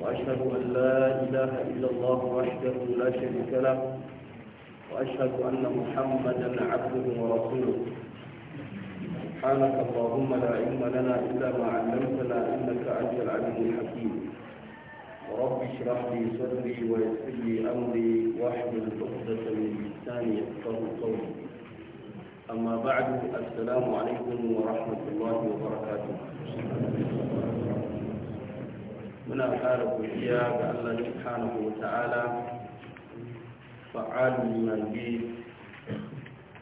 وأشهد أن لا إله إلا الله وحده لا شريك له وأشهد أن محمدا عبده ورسوله سبحانك اللهم لا علم لنا إلا ما علمتنا إنك أنت العليم الحكيم رب اشرح لي صدري ويسر لي أمري واحلل عقدة من لساني يفقهوا قولي أما بعد السلام عليكم ورحمة الله وبركاته muna ƙara godiya ga Allah subhanahu wa ta'ala fa'alun yanzu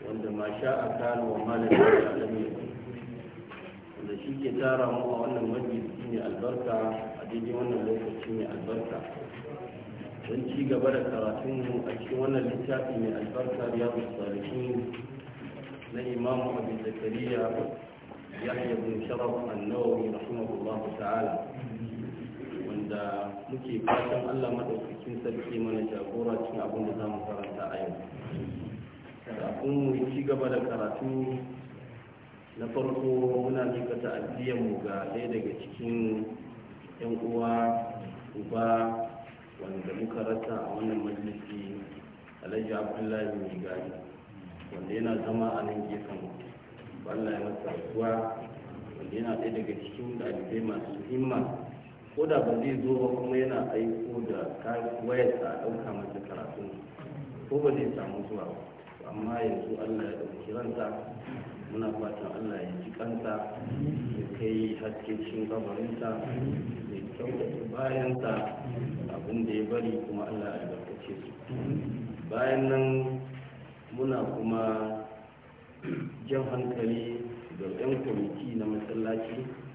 wanda ma sha a kano wa malamin alami wanda shi ke tara mu a wannan majalisi ne albarka a daidai wannan lokaci ne albarka don ci gaba da karatunmu a cikin wannan littafi mai albarka ya salihin na imamu abu zakariya yahya bin sharaf annawawi rahimahullahu ta'ala da muke fatan Allah maɗaukakin sarki mana jagora cikin abin da zamu mu karanta a yau. Kafin mu ci gaba da karatu na farko muna miƙa mu ga ɗaya daga cikin ƴan uwa uba wanda muka rasa a wannan majalisi alhaji abdullahi mai gari wanda yana zama a nan gefen Allah ya masa rasuwa wanda yana ɗaya daga cikin ɗalibai masu himma ko da ba zai zo ba kuma yana aiko da wayar a ɗauka mata karatu ko ba zai samu zuwa amma yanzu allah ya ɗauki ranta muna fatan allah ya ji kanta ya kai haske cikin gabarinsa ya kyautata bayanta abin da ya bari kuma allah ya albarkace su bayan nan muna kuma jan hankali ga 'yan kwamiti na masallaci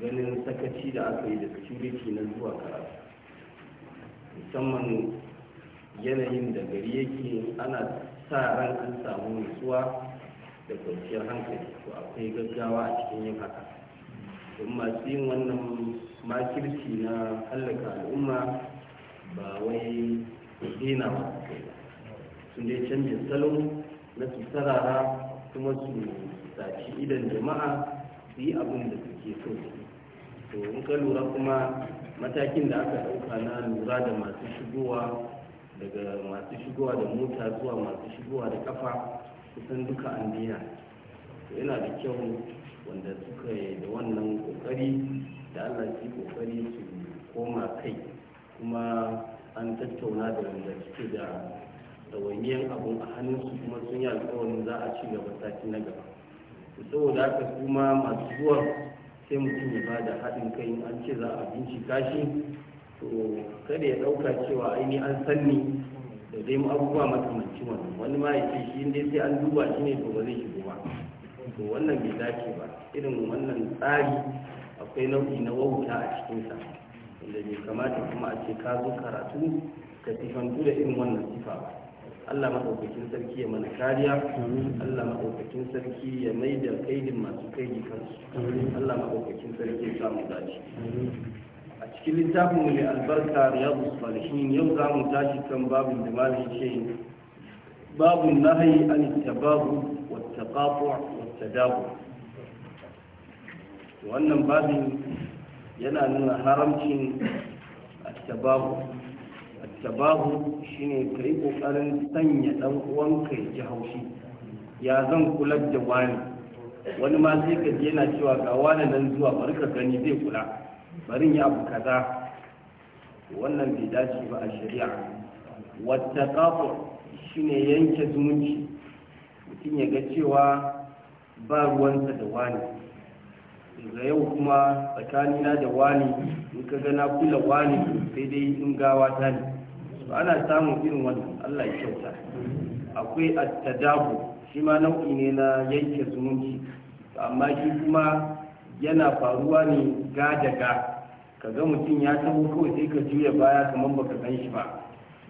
ganin sakaci da aka yi da security na zuwa karatu musamman yanayin da gari yake ana sa ran an samu nutsuwa da kwanciyar hankali to akwai gaggawa a cikin yin haka don masu yin wannan makirci na hallaka al'umma ba wai dina ba sun dai canje salon na su sarara kuma su saci idan jama'a su yi abin da suke so to in ka lura kuma matakin da aka ɗauka na lura da masu shigowa daga masu shigowa da mota zuwa masu shigowa da kafa kusan duka an biya to yana da kyau wanda suka yi da wannan kokari da allah su kokari su koma kai kuma an tattauna da wanda suke da ɗawainiyar abun a hannunsu kuma sun yi alkawarin za a ci gaba sati na gaba saboda haka kuma masu zuwa sai mutum ya ba da haɗin kai an ce za a bincika shi to kada ya ɗauka cewa aini an sanni da dai abubuwa makamancin wannan wani ma ya ce shi dai sai an duba shi ne to ba zai shigo ba to wannan bai dace ba irin wannan tsari akwai nau'i na wauta a cikinsa wanda bai kamata kuma a ce ka zo karatu ka sifantu da irin wannan sifa ba Allah maɗaukakin sarki ya mana kariya Allah maɗaukakin sarki ya mai da kaidin masu kaidi kansu Allah maɗaukakin sarki ya samu dace a cikin littafin mu ne albarka riyadu salihin yau za mu tashi kan babin da malam ce babun nahayi an babu wa taqatu wa tadabu wannan babin yana nuna haramcin a at babu. sabahu shine ka yi sanya ɗan uwanka ya ji haushi ya zan kula da wani wani ma sai ka je yana cewa ga wani nan zuwa bari ka gani zai kula bari ya abu kaza wannan bai dace ba a shari'a wata kafur shine yanke zumunci mutum ya ga cewa ba ruwansa da wani daga yau kuma tsakanina da wani in ka ga na kula wani sai dai in gawa ta ne to ana samun irin wannan Allah ya kyauta akwai at-tadabu shi ma nau'i ne na yanke zumunci amma shi kuma yana faruwa ne ga daga kaga mutum ya tabo kawai sai ka juya baya kamar baka san shi ba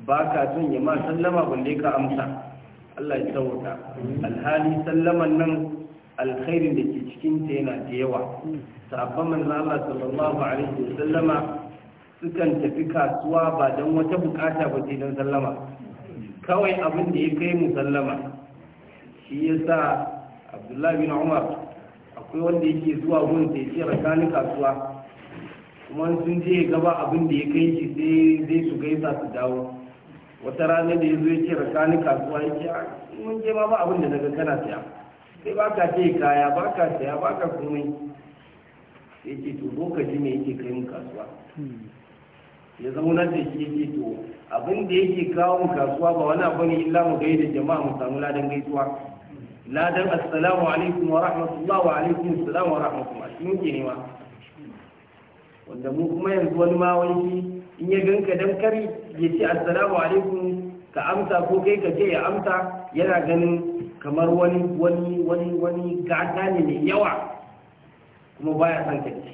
ba ka son ya ma sallama balle ka amsa Allah ya tsawata alhali sallaman nan alkhairin da ke cikin ta yana da yawa sabon manzo Allah sallallahu alaihi wasallama sukan tafi kasuwa ba don wata bukata ba ce don sallama kawai abin da ya kai mu sallama shi ya sa abdullahi bin umar akwai wanda yake zuwa gun sai ce rakani kasuwa kuma sun je ya gaba abin da ya kai shi sai zai su gaisa su dawo wata rana da ya zo ya ce rakanin kasuwa ya ce ah, mun je ma ba abin da daga kana siya sai ba ka ce kaya ba ka siya ba ka komai sai ce to lokaci ne yake kai mu kasuwa hmm. ya zama na da shi yake to abin da yake kawo kasuwa ba wani abu ne illa mu gaida jama'a mu samu ladan gaisuwa ladan assalamu alaikum wa rahmatullahi wa alaikum assalam wa rahmatullahi shi muke nema wanda mu kuma yanzu wani ma wani in ya ganka dan kari ya ce assalamu alaikum ka amsa ko kai ka ce ya amsa yana ganin kamar wani wani wani wani gata ne mai yawa kuma baya son ka ce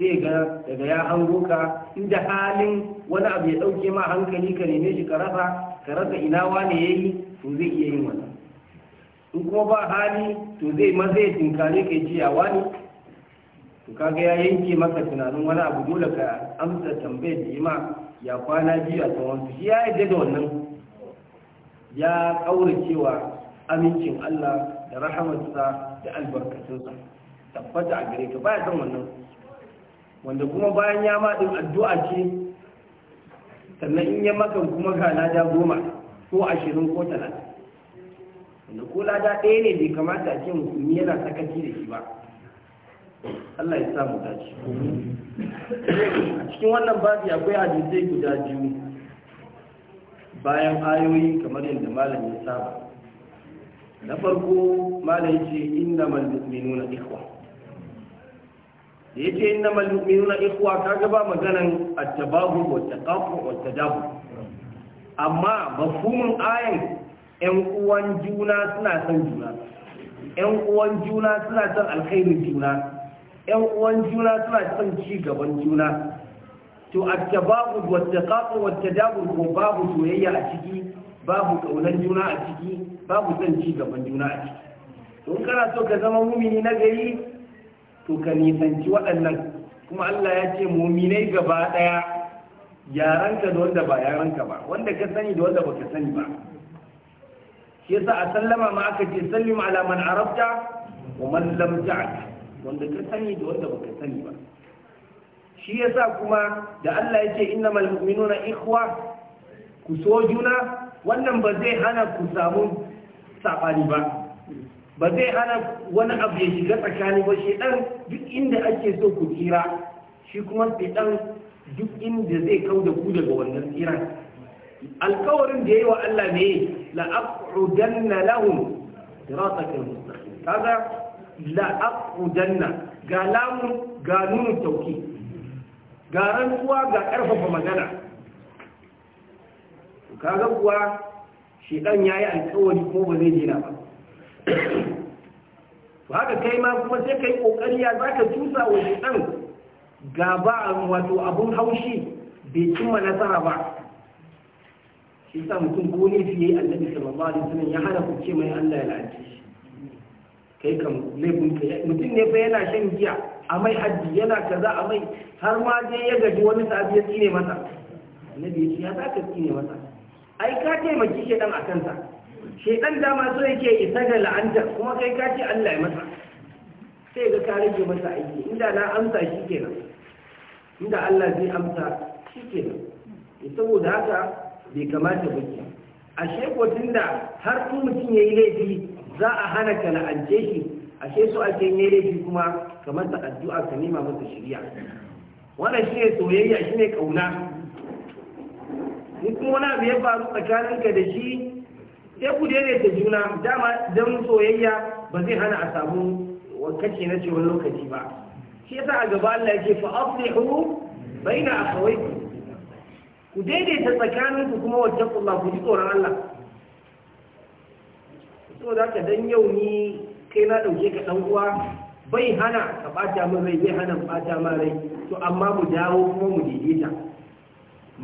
sai ga daga ya hango ka inda halin wani abu ya dauke ma hankali ka neme shi ka rasa ka rasa ina wane ya yi to zai iya yin wannan in kuma ba hali to zai ma zai tinkare ka ji ya wani to kaga ya yanke maka tunanin wani abu dole ka amsa tambayar da ima ya kwana jiya a tsawon shi ya yarda da wannan ya kaura cewa amincin Allah da rahamarsa da albarkacinsa tabbata a gare ka ba ya san wannan wanda kuma bayan ya maɗin addu'a ce sannan in yi makan kuma ga lada goma ko ashirin ko talatin wanda ko lada ɗaya ne bai kamata a ce musulmi yana sakaci da shi ba Allah ya samu dace a cikin wannan babi akwai hadisai guda biyu bayan ayoyi kamar yadda malam ya saba na farko malam ya ce innamal mu'minuna ikon. da yake inna mal mu'minuna ikhwa kaga ba maganan at-tabahu wa taqafu wa tadahu amma mafhumin ayan yan uwan juna suna son juna yan uwan juna suna son alkhairin juna yan uwan juna suna son ci gaban juna to at-tabahu wa taqafu wa tadahu ko babu soyayya a ciki babu kaunan juna a ciki babu son ci gaban juna a ciki to kana so ka zama mumini na gari to ka nisanci waɗannan kuma Allah ya ce muminai gaba ɗaya yaranka da wanda ba yaranka ba wanda ka sani da wanda baka sani ba shi yasa a sallama ma aka ce sallim ala man arabta wa man lam ta'at wanda ka sani da wanda baka sani ba shi yasa kuma da Allah ya ce innamal mu'minuna ikhwa ku so juna wannan ba zai hana ku samu sabani ba ba zai hana wani abu ya shiga tsakani ba shi ɗan duk inda ake so ku tsira shi kuma shi ɗan duk inda zai kau da ku daga wannan tsiran alkawarin da ya yi wa Allah ne la la'aqudanna lahum sirataka mustaqim kaga la'aqudanna ga lamun ga nunu tauki ga rantsuwa ga karfafa magana kaga kuwa shedan yayi alkawari ko ba zai dina ba haka kai ma kuma sai kai kokari ya zaka tusa wa shedan gaba wato abun haushi bai cimma nasara ba shi sa mutum ko ne fiye annabi sallallahu alaihi wasallam ya hana ku ce mai Allah ya lati kai kam laifin ka mutum ne fa yana shan giya a mai hajji yana kaza a mai har ma dai ya gaji wani sabi ya tsine masa annabi ya ce ya ka tsine masa ai ka taimaki shedan a kansa shaidan dama so yake isa ga la'antar kuma kai ka ce Allah ya masa sai ga ka rage masa aiki inda na amsa shi kenan inda Allah zai amsa shi kenan saboda haka bai kamata ba ke ashe sheko tunda har ku mutum ya yi laifi za a hana ka la'ance shi ashe so ake yi laifi kuma ka masa addu'a ka nema masa shirya wannan shine soyayya shine kauna ni kuma wani abu ya faru tsakaninka da shi sai ku daidaita juna dama don soyayya ba zai hana a samu kace na cewa lokaci ba shi yasa a gaba Allah yake fa aslihu baina akhawaykum ku daidaita tsakanin ku kuma Allah ku ji tsoron Allah da ka dan yau ni kai na dauke ka dan uwa bai hana ka bata min rai bai hana bata min rai to amma mu dawo kuma mu daidaita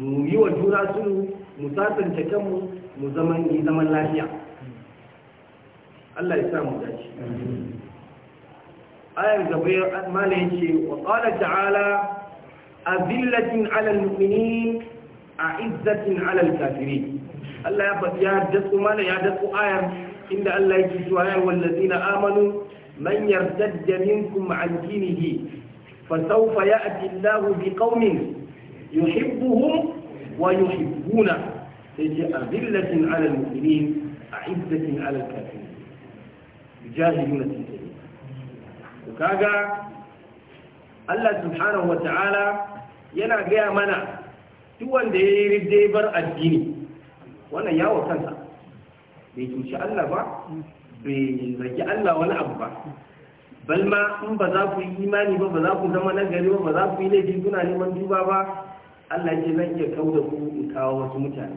mu yi wa juna sulhu mu sasanta kanmu mu zaman yi zaman lafiya Allah ya sa mu dace ayar gaba mala yace wa qala ta'ala azillatin 'alal mu'minin a'izzatin 'alal kafiri Allah ya faɗi ya dasu mala ya dasu ayar inda Allah yake cewa ya na amanu man yartadda minkum 'an dinihi fasawfa ya'ti Allahu biqaumin yuhibbuhum ويحبون يجي أذلة على المؤمنين أعزة على الكافرين يجاهدون في سبيل وكاغا Allah subhanahu yana gaya mana duk wanda ya yi riddai bar addini wannan yawon kansa bai cuci Allah ba bai zaki Allah wani abu ba balma in ba za ku yi imani ba ba za ku zama nagari ba ba za ku yi laifin neman duba ba Allah ce zan iya kau da ku in kawo wasu mutane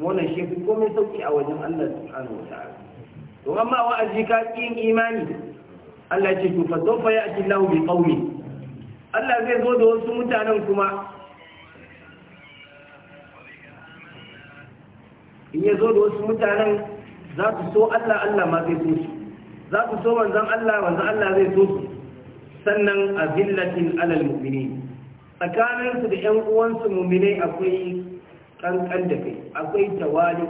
wannan shi fi komai sauki a wajen Allah subhanahu wa ta'ala to amma wa'azi ka yin imani Allah ce ku fa ya ji lahu bi qaumi Allah zai zo da wasu mutanen kuma in ya zo da wasu mutanen za su so Allah Allah ma zai so su za su so manzon Allah manzon Allah zai so su sannan azillatin alal mu'minin tsakaninsu da ‘yan uwansu muminai akwai ƙanƙan da kai akwai tawali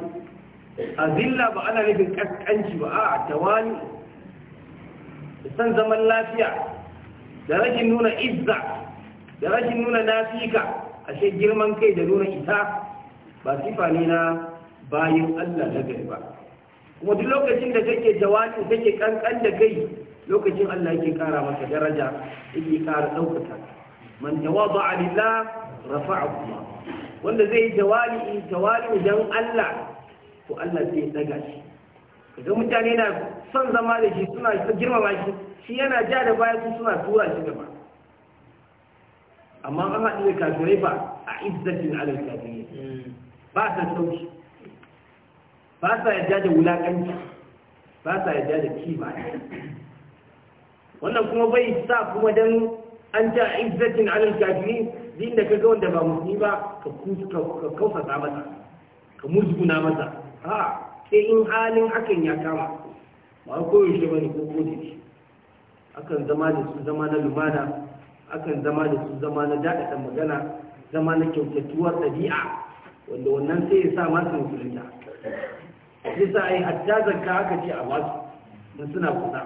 a zilla ba ana nufin ƙasƙanci ba a tawali san zaman lafiya da rashin nuna izza da rashin nuna a ashe girman kai da nuna isa ba sifa ne na bayan Allah na gari ba kuma duk lokacin da kake tawali kake kankan da kai lokacin Allah yake kara maka daraja yake kara ɗaukaka man tawaba lillah rafa'ahu Allah wanda zai jawali jawali dan Allah to Allah zai daga shi kaga mutane na son zama da shi suna girmama shi shi yana ja da baya su suna tura shi gaba amma an haɗu da kafirai ba a izzatin alal kafirai ba sa sauki ba sa yadda da wulaƙanci ba sa yadda da kima wannan kuma bai sa kuma dan. an ja izzatin alal kafirin din da kaga wanda ba musulmi ba ka kausa masa ka musguna masa ha sai in halin hakan ya kama ba ko yaushe bane ko ne akan zama da su zama na lumana akan zama da su zama na daɗaɗa magana zama na kyautatuwar dabi'a wanda wannan sai ya sa masu musulunta sai sa ai hatta zakka aka ce a wasu da suna kusa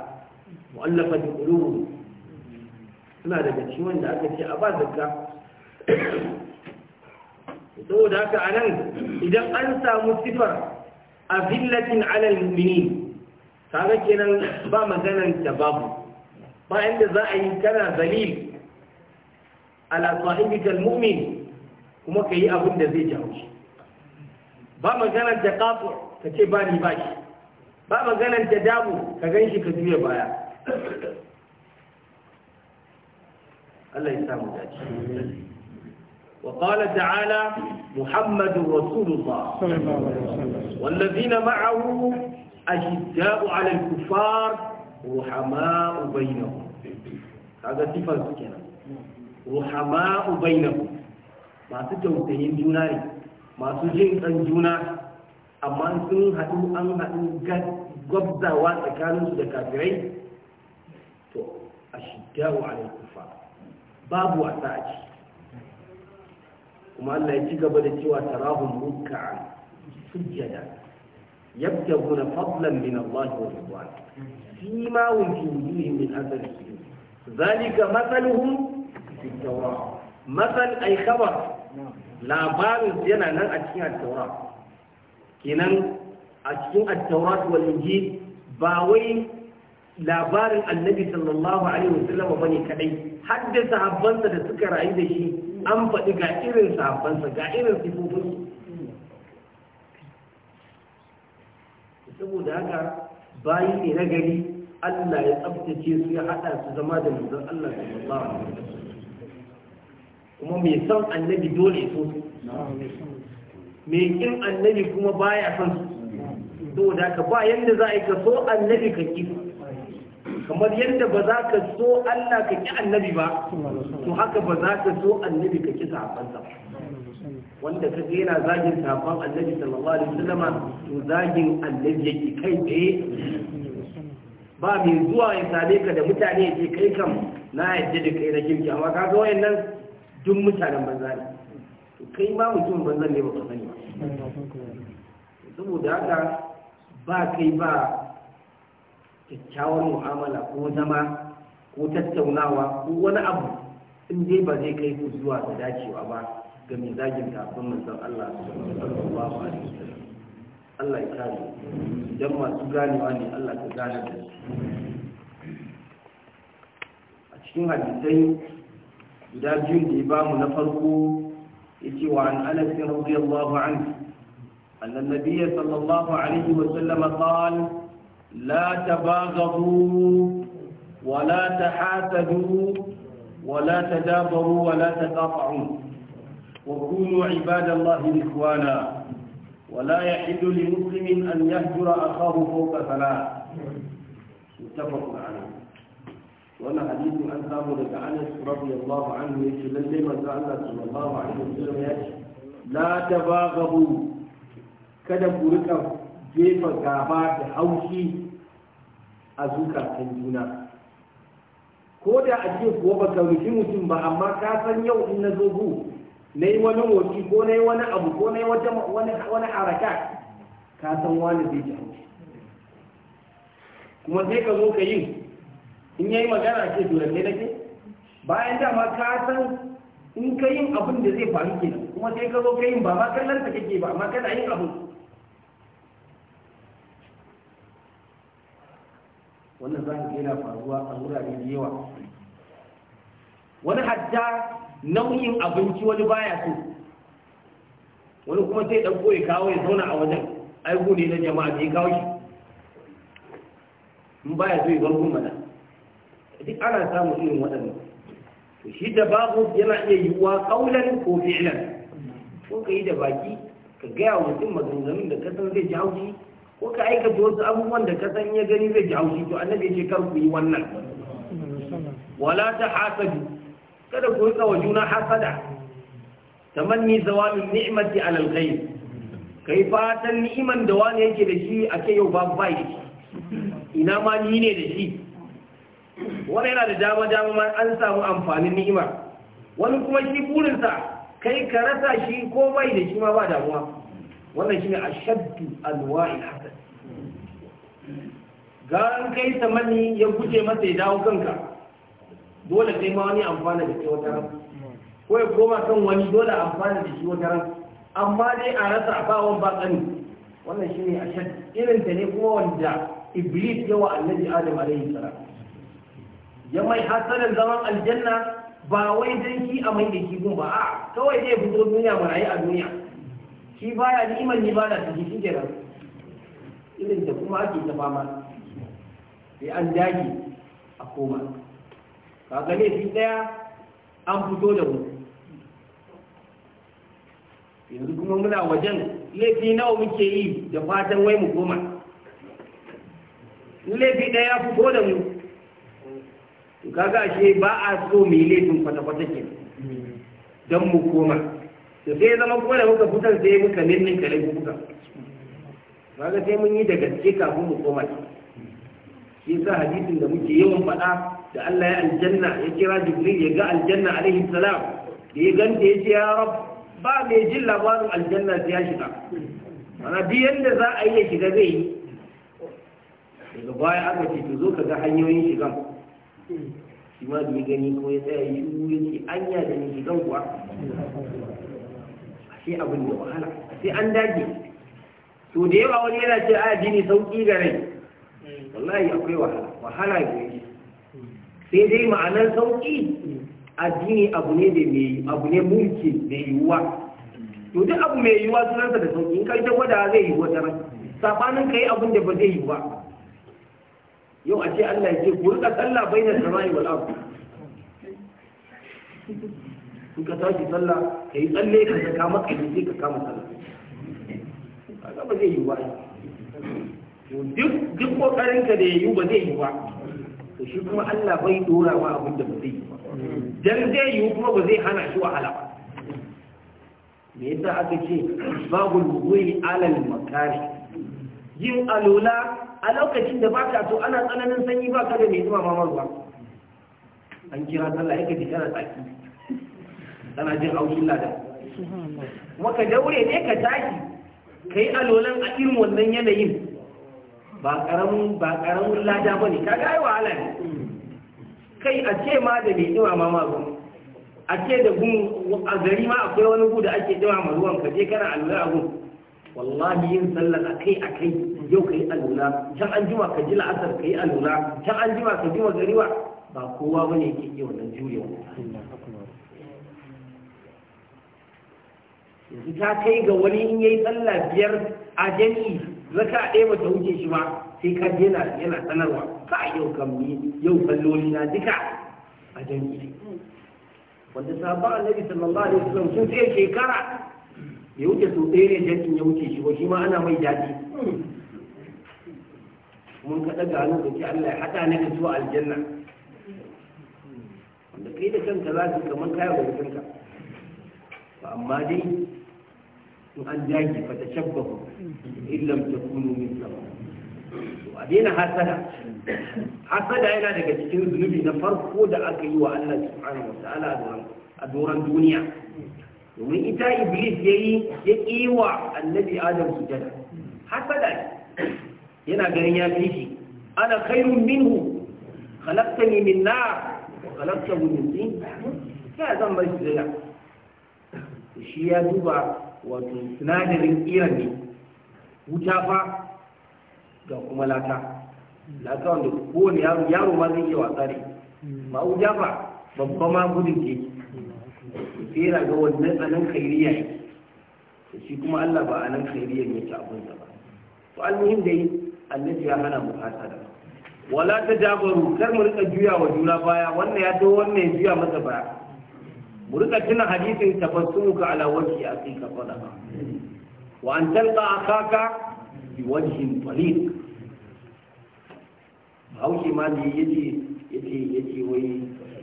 mu'allafa bi ƙulubu suna daga ciwon da aka ce a ba zakka saboda haka a nan idan an samu sifar a zillatin alal mini kaga kenan ba maganan da babu ba inda za a yi kana zalil ala sahibikal mu'min kuma ka yi abin da zai jawo shi ba maganar da kafu ka ce ba ni ba shi ba maganar da damu ka gan shi ka juya baya Allah ya sa mu dace wa qala ta'ala muhammadur rasulullah wallazina ma'ahu ashidda'u 'ala al-kuffar ruhama'u bainahum kaga sifar su kenan ruhama'u bainahum masu tausayin juna ne masu jin kan juna amma sun haɗu an haɗu gwabzawa tsakaninsu da kafirai to a shiddawa babu wasa a ciki kuma Allah ya ci gaba da cewa tarahum ruk'an sujjada yabtaguna fadlan min Allah wa ridwan fima hum fi wujuhihim min athar sujud zalika mathaluhum fi tawrah mathal ay khabar labarin yana nan a cikin at-tawrah kenan a cikin at-tawrah wal injil ba wai labarin annabi sallallahu alaihi wasallam bane kadai hadda sahabbansa da suka rayu da shi an faɗi ga irin sahabbansa ga irin sifofinsu saboda haka bayi ne na gari Allah ya tsabtace su ya haɗa su zama da manzon Allah sallallahu alaihi wasallam kuma mai son annabi dole so mai kin annabi kuma baya son su saboda haka ba yanda za a yi ka so annabi ka kifa kamar yadda ba za ka so Allah ka ki annabi ba to haka ba za ka so annabi ka ki ba. wanda ka ga yana zagin sahabban annabi sallallahu alaihi wasallam to zagin annabi yake kai tsaye ba mai zuwa ya same ka da mutane ya ce kai kam na yadda da kai na kirki amma ka ga wayannan duk mutanen banza ne to kai ma mutum banza ne ba ka sani ba saboda haka ba kai ba kyakkyawar mu'amala ko zama ko tattaunawa ko wani abu in dai ba zai kai ku zuwa da dacewa ba ga mai zagin kafin manzon Allah sallallahu alaihi wasallam Allah ya kare idan masu ganewa ne Allah ka gane da a cikin hadisai guda biyu da ya bamu na farko ya ce wa an Anas radiyallahu anhu anna an-nabiy sallallahu alaihi wasallam qala لا تباغضوا ولا تحاسدوا ولا تدابروا ولا تقاطعوا وكونوا عباد الله إخوانا ولا يحل لمسلم أن يهجر أخاه فوق ثلاث متفق عليه وانا حديث عن ثابت بن انس رضي الله عنه يقول لي ما الله صلى الله عليه وسلم يقول لا تباغضوا kada ku rika jefa gaba da haushi a zukatan juna ko da a ce kuwa ba ka rufi mutum ba amma ka san yau in na zo gu na yi wani motsi ko na yi wani abu ko na yi wani haraka ka san wani zai ji kuma sai ka zo ka yi in yayi magana ce dole ne nake bayan dama ka san in ka yi abin da zai faru kenan kuma sai ka zo ka yi ba ma kallon ta kake ba amma kana yin abu wannan za ka yana faruwa a wurare da yawa wani hajja nau'in abinci wani baya so wani kuma sai ɗauko ya kawo ya zauna a wajen aiko ne na jama'a da ya kawo shi in baya so ya kuma da. duk ana samun irin waɗannan to shi da babu yana iya yiwuwa ƙaunar ko fi'ilan ko ka yi da baki ka gaya wa mutum maganganun da san zai ji haushi ko ka aikata wasu abubuwan da ka san ya gani zai ji haushi to annabi ya kar ku yi wannan wala ta hasadu kada ku rika wa juna hasada tamanni zawamin ni'mati alal ghayb kai fatan ni'iman da wani yake da shi ake yau babu bai da shi ina ma ni ne da shi wani yana da dama dama ma an samu amfanin ni'ima wani kuma shi burinsa kai ka rasa shi ko bai da shi ma ba damuwa wannan shine ashaddu alwa'i hasad an kai tamani ya guje masa ya dawo kanka dole sai ma wani amfana da shi wata ran ko ya koma kan wani dole amfana da shi wata ran amma dai a rasa bawan ba kani wannan shine ashad irin ta ne kuma wanda iblis yawa annabi adam alaihi salam ya mai hasalan zaman aljanna ba wai dan shi a mai da shi gun ba a kawai zai fito duniya mu rayu a duniya shi baya ni'imar ni ba da shi shi kenan irin da kuma ake ta fama sai an dage a koma ka gane fi daya an fito da mu yanzu kuma muna wajen laifi nawa muke yi da fatan wai mu koma laifi daya ya fito da mu kaga ashe ba a so mu yi laifin kwata-kwata ke don mu koma Da sai zama kuma da muka fitar sai muka nirnin kalin kuka kaga sai mun yi da gaske kafin mu koma shi sa hadisin da muke yawan faɗa da Allah ya aljanna ya kira Jibril ya ga aljanna alaihi salam da ya ganta ya ce ya rab ba mai jin labarin aljanna sai ya shiga mana duk yadda za a yi ya shiga zai yi daga baya aka ce to zo ka ga hanyoyin shigan shi ma bai gani ko ya tsaya yi shuru ya ce anya da ni shigan kuwa sai abin da wahala sai an dage to da yawa wani yana ce a addini sauki ga rai wallahi akwai wahala wahala ne sai dai ma'anar sauki addini abu ne da mai abu ne mulki da yiwuwa to duk abu mai yiwuwa sunansa da sauki in kai ta gwada zai yi wa ran sabanin kai abin da ba zai yi ba yau a ce Allah ya ce ku rika sallah baina samai wal ardh in ka tashi sallah kai tsalle ka ka maka ne sai ka kama sallah ba zai yi ba duk kokarin ka da yayi ba zai yi ba to shi kuma Allah bai dora wa abin da ba zai yi ba dan zai yi kuma ba zai hana shi wahala ba me yasa aka ce babu wudu'i alal makari yin alula a lokacin da baka to ana tsananin sanyi baka da mai zuwa ba. an kira sallah yake ji kana tsaki kana jin haushin lada kuma Maka daure ne ka tashi ka yi alolan a irin wannan yanayin ba karamin ba karamin lada bane ka yi wahala ne kai a ce ma da mai ɗiwa ma magun a ce da gun a gari ma akwai wani gu da ake ɗiwa ma ruwan ka je kana alula a gun wallahi yin sallah a kai a kai yau ka yi alula can an jima ka ji la'asar ka yi alula can an jima ka ji gariwa. ba kowa ba ne ke iya wannan jurewa yanzu ta kai ga wani in yayi sallah biyar a jami'i zaka ɗaya ba wuce shi ba sai ka yana yana sanarwa ka yau kam yau kalloli na duka a jami'i wanda sabon annabi sallallahu alaihi wasallam sun sai shekara ya wuce sau ɗaya ne jami'in ya wuce shi ba shi ma ana mai daɗi mun kaɗa gano da ke Allah ya haɗa ni da zuwa aljanna wanda kai da kanka za ka kamar kaya ba kanka amma dai an dage fa ta shabbahu in lam takunu min sama to a daina hasada hasada yana daga cikin zunubi na farko da aka yi wa Allah subhanahu wataala a doron duniya domin ita iblis yi ya wa annabi adam sujada hasada yana ganin ya fi shi ana khairun minhu khalaqtani min nar wa khalaqtahu min tin ya zan bai sujada shi ya duba wato sinadarin iran ne wuta fa ga kuma lata lata wanda kowane yaro ma zai iya wasa ne ma wuta fa babba ma gudun ke sai yana ga wannan anan kairiya ne shi kuma Allah ba anan kairiya ne ta abin ba to almuhim dai annabi ya hana mu hasada wala ta jabaru kar mu rika juya wa juna baya wannan ya to wannan ya juya masa baya mu rika tuna hadisin ka ala wajhi akika sadaqa wa an talqa akaka bi wajhin taliq haushi ma ne yace yace yace wai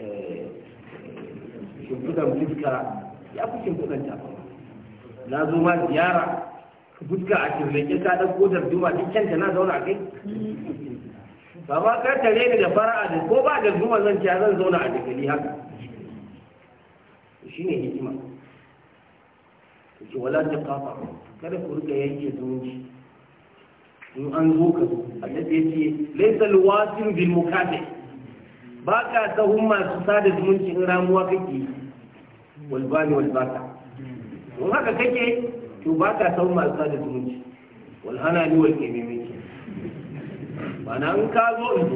eh, shimfidan fuska ya fi shimfidan ta na zo ma ziyara fuska a shirlake ta ɗauko darduma duk ta na zauna kai ba ma ka tare ni da fara'a da ko ba da darduma zan ciya zan zauna a dakali haka ne hikima ce wala ta kafa kada ku rika yanke zumunci in an zo ka zo annabi ce laisa alwasil bil mukafi ba ka sahun masu sada zumunci in ramuwa kake walbani walbaka in haka kake to ba ka sahun masu sada zumunci walhana ni wal kememe ba in ka zo in zo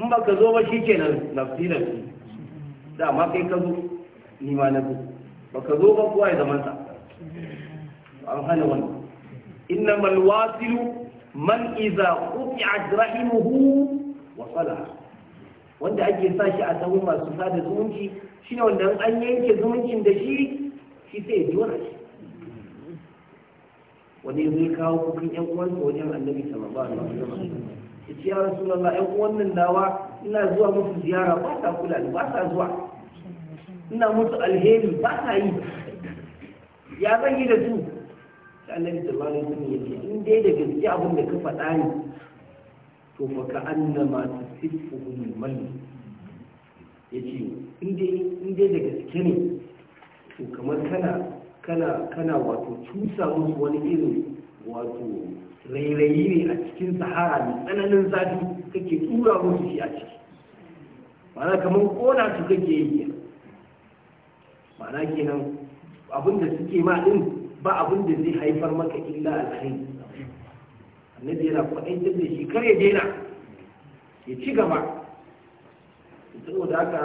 in ba ka zo ba shi nan nafsi nafsi da ma kai ka zo ni ma na gudu ka zo ba kuwa ya zamanta. sa an hana wani innamal malwasilu man kufi a rahimuhu wa salaha wanda ake sa shi a tsawon masu sada zumunci shi ne wanda an yanke zumuncin da shi shi sai ya jona shi wani zai kawo kukan yan uwansa wajen annabi sallallahu alaihi wasallam ya ce ya rasulullah yan uwan nan dawa ina zuwa musu ziyara ba sa kula ba sa zuwa ina musu alheri ba ta yi ya zan yi da su sai annabi sallallahu alaihi wasallam ya ce in dai da gaske abin da ka faɗa ne to fa ka annama tusifuhum mal ya ce in dai da gaske ne to kamar kana kana kana wato cusa musu wani irin wato rairayi ne a cikin sahara mai tsananin zafi kake tura musu shi a ciki ma'ana kamar kona su kake yi ma'ana kenan abinda suke ma din ba abinda zai haifar maka illa alkhairi annabi yana kwaɗaitar da shi kar ya daina ya ci gaba saboda haka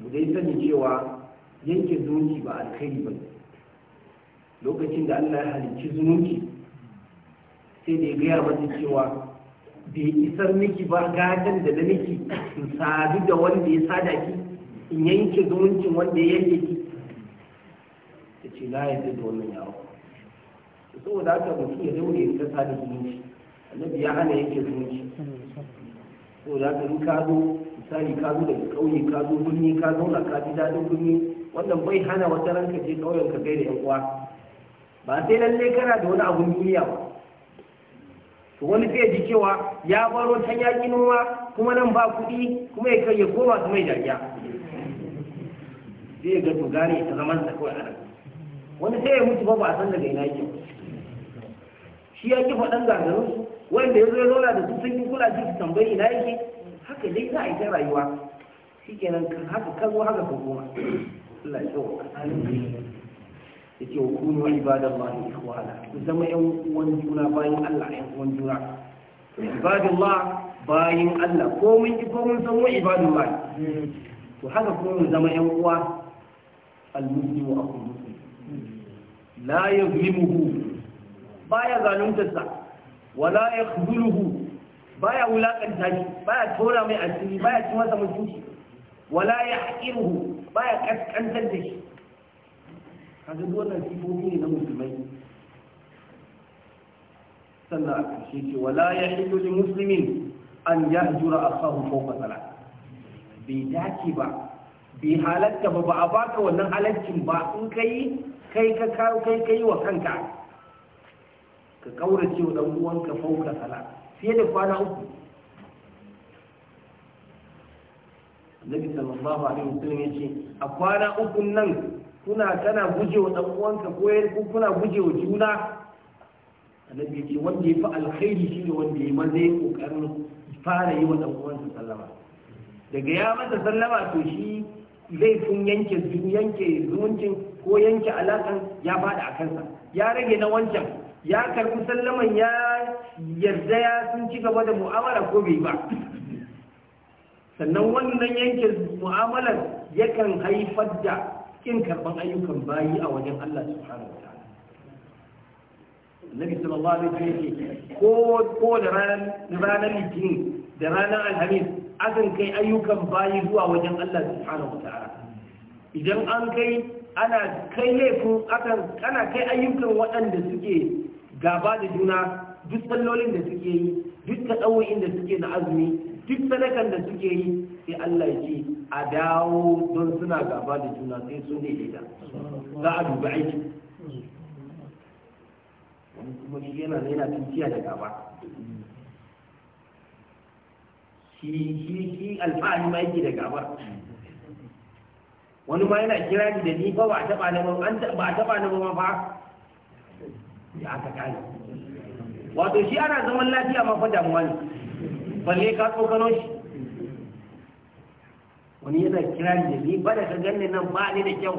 mu dai sani cewa yanke zumunci ba alkhairi ba lokacin da Allah ya halicci zumunci sai da ya gaya masa cewa bai isar miki ba gadon da na miki in sadu da wanda ya sada ki in yanke zumuncin wanda ya yi ki ta ce na zai da wannan yaro to saboda haka mutum ya daure wuri ta sadu zumunci annabi ya hana yake zumunci saboda haka in ka zo misali ka zo daga ƙauye ka zo birni ka zauna ka ji daɗin birni wannan bai hana wata ranka je ƙauyen ka kai da yan uwa ba sai lalle kana da wani abun duniya ba to wani sai ji cewa ya baro ta ya kuma nan ba kuɗi kuma ya kai ya koma su mai dariya zai ga su gane ta zaman sa kawai anan wani sai ya mutu ba ba a san daga ina yake shi ya ki faɗan gagarin su wanda ya zo ya zauna da su sun yi kula su tambayi ina yake haka dai za a yi ta rayuwa Shi shikenan haka ka zo haka ka koma Allah ya Ya yake wa kunu ba ne ku zama yan uwan juna bayan Allah yan uwan juna ma. bayin Allah ko mun ji ko mun san wa ibadun ba to haka kuma mu zama yan uwa al-muslimu akul muslim la yuzlimuhu baya zaluntarsa wala yakhdhuluhu baya wulakanta shi baya tora mai asiri baya ci masa mutunci wala yahqiruhu baya kaskantar da shi kaga wannan sifofi ne na musulmai sannan a ƙarshe ce wala yahilu li muslimin an ya jura a sahu fauka sala bai dace ba bai halatta ba ba a baka wannan halaccin ba in ka yi kai ka kawo kai ka yi wa kanka ka kaura ce wa uwanka fauka sala fiye da kwana uku annabi sallallahu alaihi wasallam ya ce a kwana uku nan kuna kana guje wa dan uwanka ko kuna guje wa juna annabi ya ce wanda ya fi alkhairi ne wanda ya maza ya ƙoƙarin fara yi wa ɗan'uwansa sallama daga ya masa sallama to shi laifin yanke yanke zumuncin ko yanke alaƙan ya faɗa a kansa ya rage na wancan ya karbi sallaman ya yarda ya sun ci gaba da mu'amala ko bai ba sannan wannan yanke mu'amalar yakan haifar da kin karɓar ayyukan bayi a wajen Allah subhanahu wa nabi sallallahu alaihi yake ko da ranar ranar litinin da ranar alhamis akan kai ayyukan bayi zuwa wajen Allah subhanahu wataala idan an kai ana kai laifin akan ana kai ayyukan waɗanda suke gaba da juna duk sallolin da suke yi duk taɗawoyin da suke na azumi duk sadakan da suke yi sai Allah ya ce a dawo don suna gaba da juna sai sun daidaita za a duba aiki kuma shi yana yana tukiya da gaba shi shi shi alfahari ma yake da gaba wani ma yana kira ni da ni ba ba a taba na ba an ba taba na ba fa ya aka kai wato shi ana zaman lafiya ma fa damuwa ne balle ka tsokano shi wani yana kira ni da ni ba da ka nan ba ni da kyau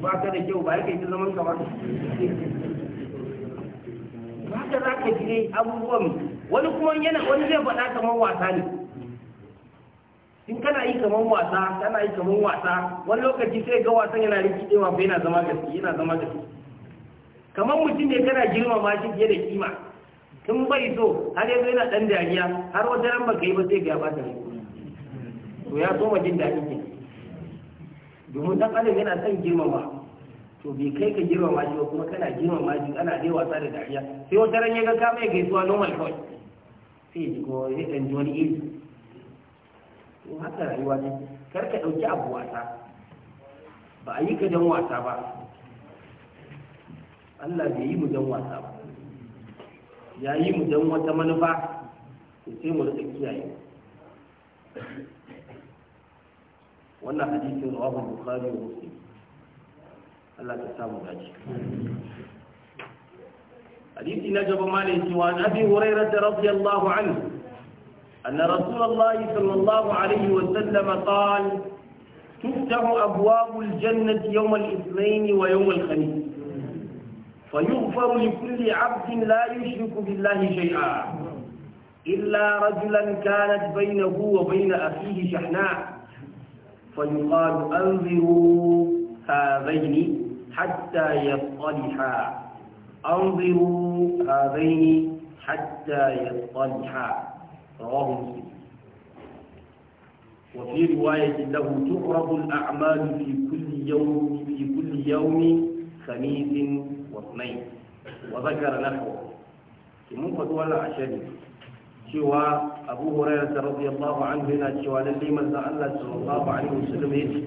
ba ka da kyau ba kai ta zaman kamar haka za ka ji abubuwan wani kuma yana wani zai faɗa kamar wasa ne in kana yi kamar wasa kana yi kamar wasa wani lokaci sai ga wasan yana dewa ba yana zama gaske yana zama gaske kamar mutum ne kana girmama shi fiye da kima tun bai so har yanzu yana dan dariya har wata ran baka yi ba sai ga ba ta to ya so ma jin daɗi ke domin dan adam yana son girmama to bai kai ka girma maji ba kuma kana girma maji ana dai wasa da dariya sai wata ran ya ga ka mai gaisuwa normal kawai sai ji ko ya dan ji wani iri to haka rayuwa ne? kar ka dauki abu wasa ba a yi ka dan wasa ba Allah bai yi mu dan wasa ba ya yi mu dan wata manufa to sai mu rika kiyaye wannan hadisin rawahu bukhari wa muslim Allah ta samu dace hadisi na gaba malai cewa an abi radiyallahu anhu أن رسول الله صلى الله عليه وسلم قال تفتح أبواب الجنة يوم الاثنين ويوم الخميس فيغفر لكل عبد لا يشرك بالله شيئا إلا رجلا كانت بينه وبين أخيه شحناء فيقال أنظروا هذين حتى يصطلحا انظروا هذين حتى يصطلحا رواه مسلم وفي رواية له تعرض الأعمال في كل يوم في كل يوم خميس واثنين وذكر نحوه في قد ولا عشان شوى أبو هريرة رضي الله عنه هنا شوى للي الله صلى الله عليه وسلم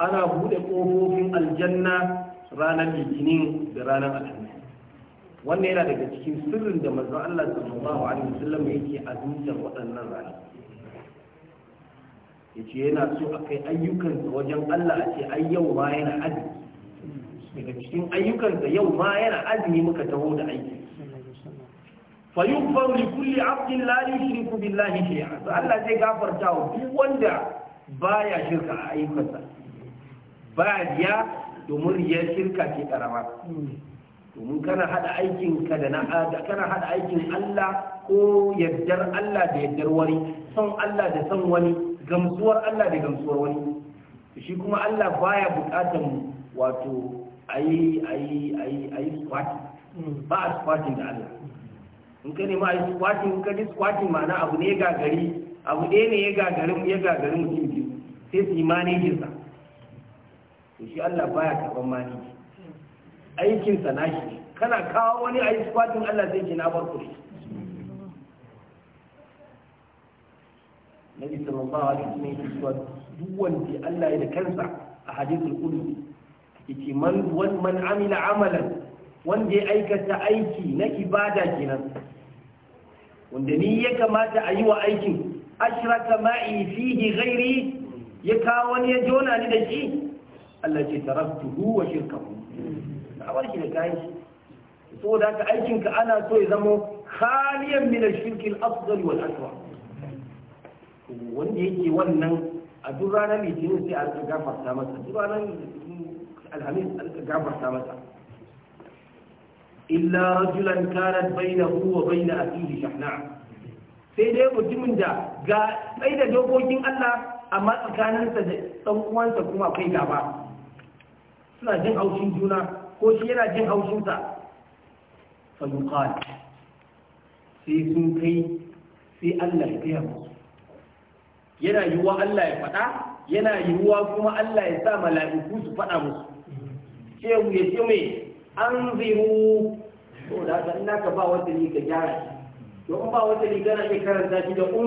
أنا هو لقوه الجنة ranar litinin da ranar alhamis wannan yana daga cikin sirrin da manzon Allah sallallahu alaihi wasallam yake azumtar waɗannan rana yace yana so a kai ayyukansa wajen Allah a ce ai yau ma yana azumi daga cikin ayyukansa yau ma yana azumi muka taho da aiki fa yughfaru kulli 'abdin la yushriku billahi shi to Allah zai gafarta wa duk wanda baya shirka a ayyukansa ba riya domin riyar shirka ke karama domin kana hada aikin ka da na kana hada aikin Allah ko yaddar Allah da yaddar wani son Allah da son wani gamsuwar Allah da gamsuwar wani shi kuma Allah baya bukatan wato ayi ayi ayi ayi squatting ba a squatting da Allah in ka nema ayi squatting ka ji squatting ma'ana abu ne gagari abu ɗaya ne ya gagarin ya gagarin mutum biyu sai su yi manejinsa to shi Allah baya karɓar mani Aikinsa na shi. kana kawo wani ayi squatin Allah zai ce na bar ku Nabi sallallahu alaihi wasallam yake cewa duk wanda Allah ya da kansa a hadithul qudsi yake man wan man amila amalan wanda ya aikata aiki na ibada kenan wanda ni ya kamata a yi wa aikin ashraka ma'i fihi ghairi ya kawo wani ya jona ni da shi Allah ce taraktuhu wa shirkahu na bar shi da kayan shi saboda haka aikin ka ana so ya zama khaliyan min ash-shirki al-afdal wal aswa wanda yake wannan a duk ranar litinin sai an gafarta masa duk ranar alhamis an gafarta masa illa rajulan kanat bainahu wa baina akhihi shahna sai dai mutumin da ga tsaida dokokin Allah amma tsakaninsa da ɗan uwansa kuma kai gaba suna jin haushin juna ko shi yana jin haushinsa faluqal sai sun kai sai Allah ya gaya musu yana yiwuwa Allah ya faɗa yana yiwuwa kuma Allah ya sa mala'iku su faɗa musu shehu ya ce mai an ziru to da haka ina ka ba wata ne ka gyara shi to in ba wata ne kana iya karanta shi da shi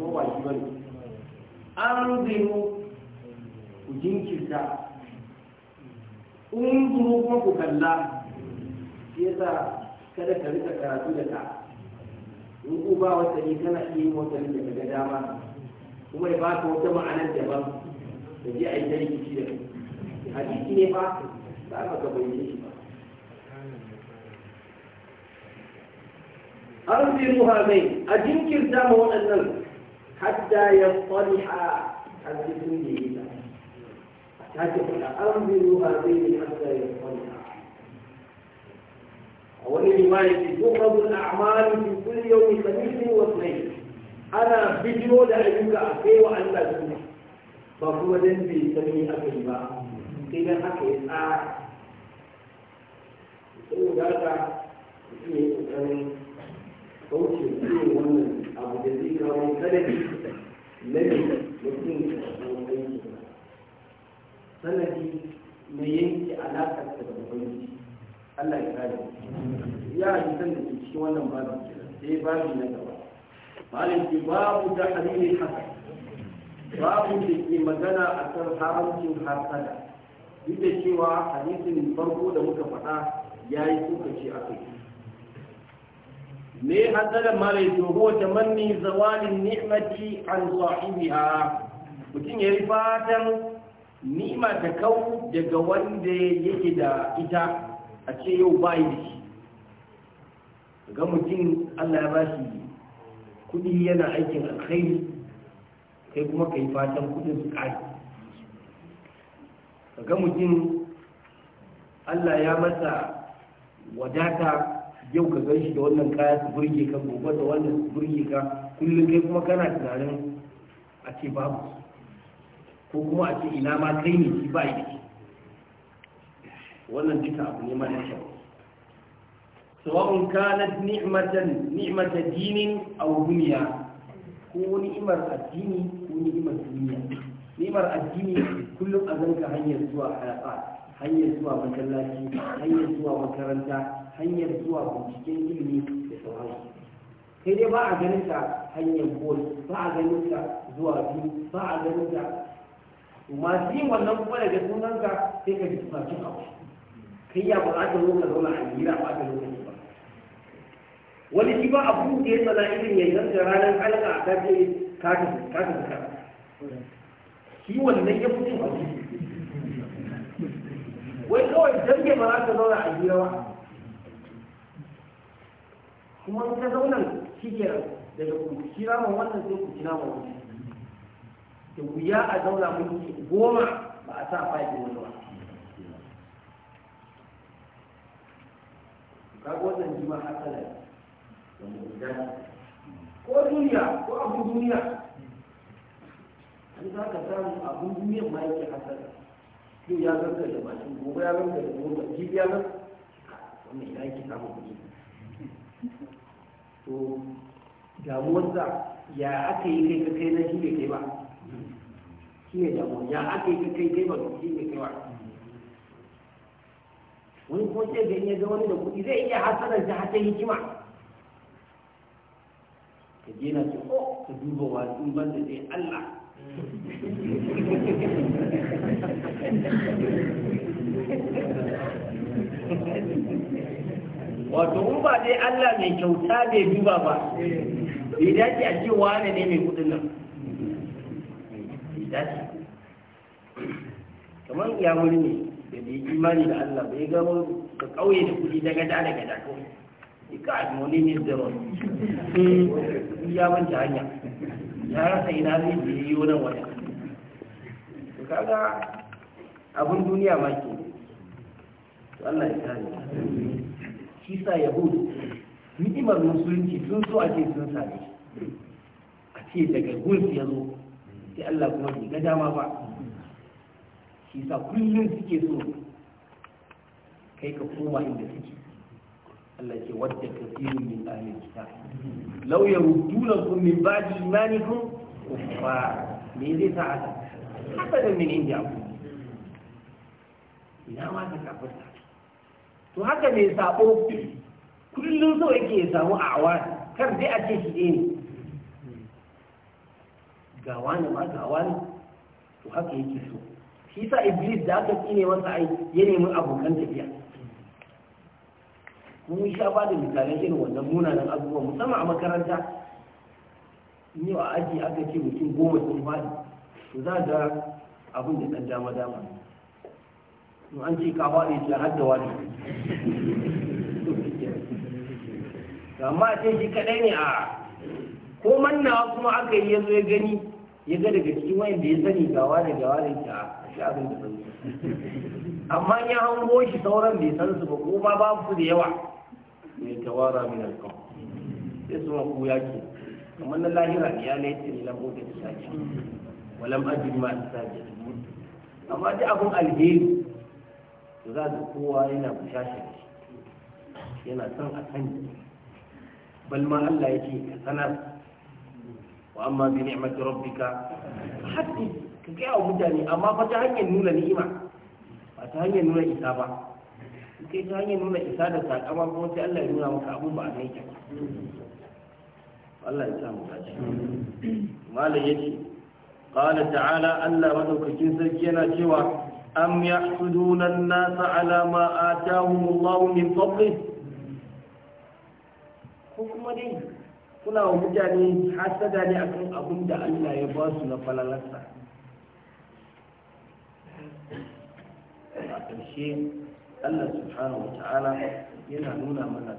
ba bane an ziru ku jinkirta unzuru kuma ku kalla shi ya sa kada ka rika karatu da ka in ku ba wata ne kana iya yin wata ne daga dama kuma ya baka wata ma'anar daban da ji a yi ta rikici da hadisi ne fa ba ka ka bayyane shi ba arziruha mai a jinkirta ma waɗannan hatta ya a cikin da ya yi ta haka fada an biyu ha zai yi hasa ya kwanta a wani limani ke tukazun a'amali fi kulli yawmi kamisin wa sunayi ana bidiyo da ayyuka a kai wa Allah su ba kuma dan bai sani aka yi ba sai dan haka ya tsara saboda haka mutum ya yi ƙoƙarin kauce irin wannan abu da zai kawo sadari na ne mutum ya samu aiki sanadi mai yanke alaƙar da ubangiji Allah ya kare ya yi san da cikin wannan babu sai babu na gaba malin ki babu da halili haka babu da ke magana a kan haramcin hasada duk da cewa hadisin farko da muka faɗa ya yi kuka ce a kai me hasada malam to ho manni zawalin ni'mati an sahibiha mutum ya yi fatan Nima ta kau daga wanda yake da ita a ce yau bayi da shi ga mutum Allah ya bashi kudi yana aikin alkhairi kai kuma ka yi fatan kudin su kari ga mutum Allah ya masa wadata yau ka gan shi da wannan kaya su burge ka gobe da wannan su burge ka kullum kai kuma kana tunanin a ce babu ko kuma a ce ina ma kai ne shi ba yi wannan duka abu ne mara kyau sawa'un kanat ni'matan ni'mata dinin a duniya ko ni'imar addini ko ni'imar duniya ni'imar addini kullum a zanka hanyar zuwa harafa hanyar zuwa masallaci hanyar zuwa makaranta hanyar zuwa binciken ilimi da sauransu sai dai ba a ganin ta hanyar bol ba a ganin ta zuwa biyu ba a ganin ta to masu yin wannan kuma daga sunanka sai ka ji suna cin abu kai ya ba za ka zo zauna a jira ba ka lokaci ba wani shi ba abu da ya tsana irin ya yi ranar halka a kace ka ka ka ka shi wannan ya fi cin abu wai kawai dan ba za ka zauna a jira ba kuma ka zauna shi ke daga ku kira mu wannan sai ku kira mu wannan da wuya a zauna minti goma ba a sa faɗi wani ba kaga wannan jima hasala da mu'udani ko duniya ko abu duniya an zaka samu abu duniya ma yake hasala yau ya zanta da mashin gobe ya zanta da goma, jibi ya zanta wannan ya yake samun kuɗi to damuwar da ya aka yi kai ka kai na shi ne kai ba shi ne damu ya ake yi kai kai ba shi ne kai wa wani kuma ce gani ya ga wani da kuɗi zai iya hasarar da hata hikima ka je na ce o oh, ka duba wasu ban da sai Allah wato in ba dai Allah mai kyauta bai duba ba bai dace a ce wane ne mai kuɗin nan dace kamar ya wuri ne da bai imani da Allah bai gano ka kauye da kudi daga da daga da kawai ni ka almoni ne da ron ya manta hanya ya rasa ina zai je yi wani waya ka kaga abun duniya ma ke Allah ya kare shi sa yahudu ni'imar musulunci sun so a ce sun same a ce daga gulf ya zo sai Allah kuma bai ga dama ba shi sa kullum suke so kai ka koma inda suke Allah ce wadda kafirun min ahlil kitab law yaruddunakum min imani kun ba. me zai sa haka haka da min inda abu ina ma ka kafirta to haka ne sabo kullum so yake ya samu awa kar dai a ce shi ne ga wani ma ga wani to haka yake so shi sa iblis da aka tsine masa ai ya nemi abokan tafiya yi sha bada misalan irin wannan munanan abubuwa musamman a makaranta in yau a aji aka ce mutum goma sun faɗi to za ga abin da ɗan dama dama to an ce ka faɗi ta har da wani amma ce shi kaɗai ne a ko mannawa kuma aka yi ya zo ya gani ya ga daga cikin wayan da ya sani gawa da gawa da ke ah, a shi abin da sauki amma ya hango shi sauran bai san su ba ko ma ba su da yawa mai tawara min alƙawar? sai su ku ya ke kamar na lahira ya laifin ne lambo da ta sake walam ajin ma ta sake amma ta abin alheri to za ga kowa yana ku da shi yana son a sani balma Allah yake ka sanar wa amma bi ni'mati rabbika haddi ka ga wa mutane amma fa ta hanyar nuna ni'ima ba ta hanyar nuna isa ba kai ta hanyar nuna isa da sakama kuma sai Allah ya nuna maka abun ba a kai kyau Allah ya sa mu dace malam yace qala ta'ala Allah madaukakin sarki yana cewa am yahsuduna an-nasa ala ma atahum Allah min fadli ko kuma dai suna wa mutane hasada ne akan abin da Allah ya ba su na falalarsa a ƙarshe Allah subhanahu wa ta'ala yana nuna mana